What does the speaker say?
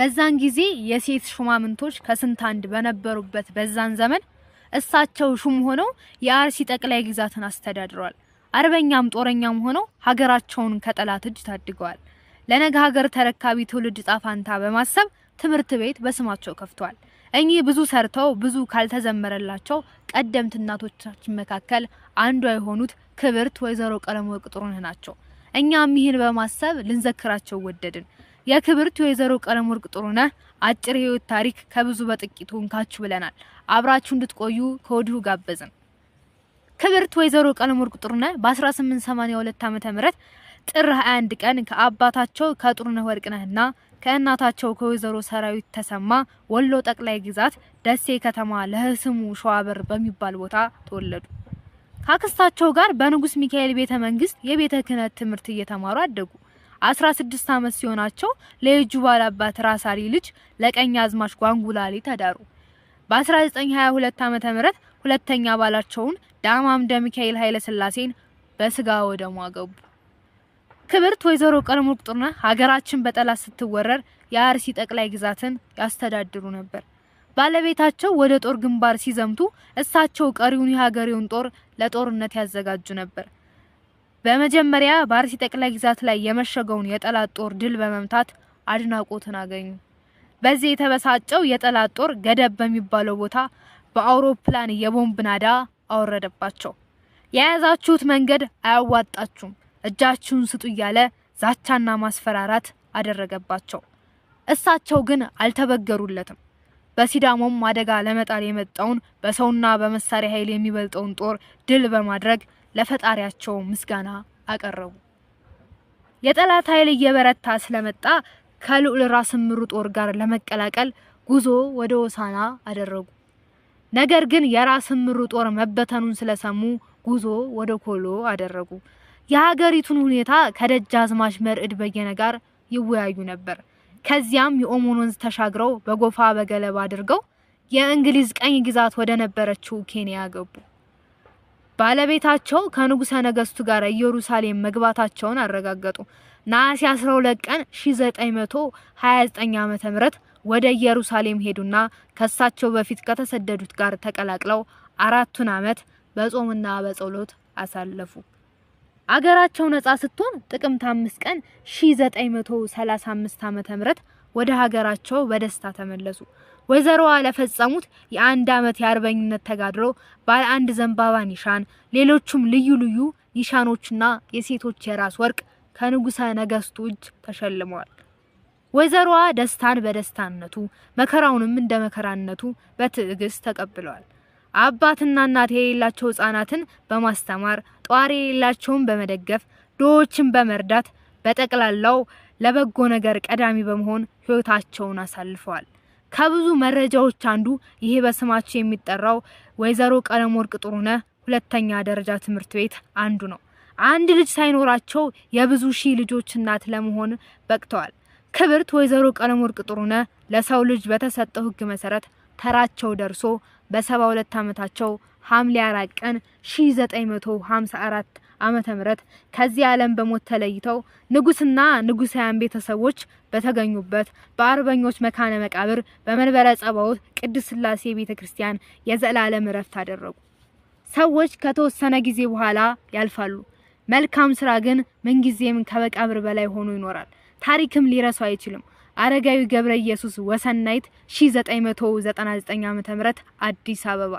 በዛን ጊዜ የሴት ሹማምንቶች ከስንት አንድ በነበሩበት በዛን ዘመን እሳቸው ሹም ሆነው የአርሲ ጠቅላይ ግዛትን አስተዳድረዋል። አርበኛም ጦረኛም ሆነው ሀገራቸውን ከጠላት እጅ ታድገዋል። ለነገ ሀገር ተረካቢ ትውልድ ጣፋንታ በማሰብ ትምህርት ቤት በስማቸው ከፍቷል። እኚህ ብዙ ሰርተው ብዙ ካልተዘመረላቸው ቀደምት እናቶቻችን መካከል አንዷ የሆኑት ክብርት ወይዘሮ ቀለመወርቅ ጥሩነህ ናቸው። እኛም ይህን በማሰብ ልንዘክራቸው ወደድን። የክብርት ወይዘሮ ቀለም ወርቅ ጥሩነ አጭር ህይወት ታሪክ ከብዙ በጥቂቱ እንካችሁ ብለናል። አብራችሁ እንድትቆዩ ከወዲሁ ጋበዝን። ክብርት ወይዘሮ ቀለም ወርቅ ጥሩነ በ1882 ዓመተ ጥር 21 ቀን ከአባታቸው ከጥሩነ ወርቅነህና ከእናታቸው ከወይዘሮ ሰራዊት ተሰማ ወሎ ጠቅላይ ግዛት ደሴ ከተማ ለህስሙ ሸዋበር በሚባል ቦታ ተወለዱ። ካክስታቸው ጋር በንጉስ ሚካኤል ቤተ መንግስት የቤተ ክህነት ትምህርት እየተማሩ አደጉ። 16 ዓመት ሲሆናቸው ለየጁ ባላባት ራሳሪ ልጅ ለቀኝ አዝማች ጓንጉላሊ ተዳሩ። በ1922 ዓመተ ሁለተኛ ባላቸውን ዳማም ደሚካኤል ሚካኤል ኃይለ ስላሴን በስጋ ወደሙ አገቡ። ክብርት ወይዘሮ ቀለሙ ጡርነህ ሀገራችን በጠላት ስትወረር የአርሲ ጠቅላይ ግዛትን ያስተዳድሩ ነበር። ባለቤታቸው ወደ ጦር ግንባር ሲዘምቱ እሳቸው ቀሪውን የሀገሬውን ጦር ለጦርነት ያዘጋጁ ነበር። በመጀመሪያ በአርሲ ጠቅላይ ግዛት ላይ የመሸገውን የጠላት ጦር ድል በመምታት አድናቆትን አገኙ። በዚህ የተበሳጨው የጠላት ጦር ገደብ በሚባለው ቦታ በአውሮፕላን የቦምብ ናዳ አወረደባቸው። የያዛችሁት መንገድ አያዋጣችሁም፣ እጃችሁን ስጡ እያለ ዛቻና ማስፈራራት አደረገባቸው። እሳቸው ግን አልተበገሩለትም። በሲዳሞም አደጋ ለመጣል የመጣውን በሰውና በመሳሪያ ኃይል የሚበልጠውን ጦር ድል በማድረግ ለፈጣሪያቸው ምስጋና አቀረቡ። የጠላት ኃይል እየበረታ ስለመጣ ከልዑል ራስ ምሩ ጦር ጋር ለመቀላቀል ጉዞ ወደ ወሳና አደረጉ። ነገር ግን የራስ ምሩ ጦር መበተኑን ስለሰሙ ጉዞ ወደ ኮሎ አደረጉ። የሀገሪቱን ሁኔታ ከደጃዝማች መርዕድ በየነ ጋር ይወያዩ ነበር። ከዚያም የኦሞን ወንዝ ተሻግረው በጎፋ በገለባ አድርገው የእንግሊዝ ቀኝ ግዛት ወደ ነበረችው ኬንያ ገቡ። ባለቤታቸው ከንጉሰ ነገስቱ ጋር ኢየሩሳሌም መግባታቸውን አረጋገጡ። ነሐሴ 12 ቀን 1929 ዓመተ ምህረት ወደ ኢየሩሳሌም ሄዱና ከሳቸው በፊት ከተሰደዱት ጋር ተቀላቅለው አራቱን ዓመት በጾምና በጸሎት አሳለፉ። አገራቸው ነጻ ስትሆን ጥቅምት 5 ቀን 935 ዓመተ ምህረት ወደ ሀገራቸው በደስታ ተመለሱ። ወይዘሮዋ ለፈጸሙት የአንድ ዓመት የአርበኝነት ተጋድሎ ባለ አንድ ዘንባባ ኒሻን፣ ሌሎቹም ልዩ ልዩ ኒሻኖችና የሴቶች የራስ ወርቅ ከንጉሠ ነገሥቱ እጅ ተሸልመዋል። ወይዘሮዋ ደስታን በደስታነቱ መከራውንም እንደ መከራነቱ በትዕግስት ተቀብለዋል። አባትና እናት የሌላቸው ሕፃናትን በማስተማር ጧሪ የሌላቸውን በመደገፍ ድሆችን በመርዳት በጠቅላላው ለበጎ ነገር ቀዳሚ በመሆን ህይወታቸውን አሳልፈዋል። ከብዙ መረጃዎች አንዱ ይሄ በስማቸው የሚጠራው ወይዘሮ ቀለም ወርቅ ጥሩነ ሁለተኛ ደረጃ ትምህርት ቤት አንዱ ነው። አንድ ልጅ ሳይኖራቸው የብዙ ሺህ ልጆች እናት ለመሆን በቅተዋል። ክብርት ወይዘሮ ቀለም ወርቅ ጥሩነ ለሰው ልጅ በተሰጠው ህግ መሰረት ተራቸው ደርሶ በሰባ ሁለት ዓመታቸው ሐምሌ አራት ቀን 1954 ዓመተ ምህረት ከዚህ ዓለም በሞት ተለይተው ንጉስና ንጉሳውያን ቤተሰቦች በተገኙበት በአርበኞች መካነ መቃብር በመንበረ ጸባዖት ቅድስት ስላሴ ቤተክርስቲያን የዘላለም እረፍት አደረጉ። ሰዎች ከተወሰነ ጊዜ በኋላ ያልፋሉ። መልካም ስራ ግን ምንጊዜም ከመቃብር በላይ ሆኖ ይኖራል። ታሪክም ሊረሳው አይችልም። አረጋዊ ገብረ ኢየሱስ ወሰናይት 1999 ዓ.ም አዲስ አበባ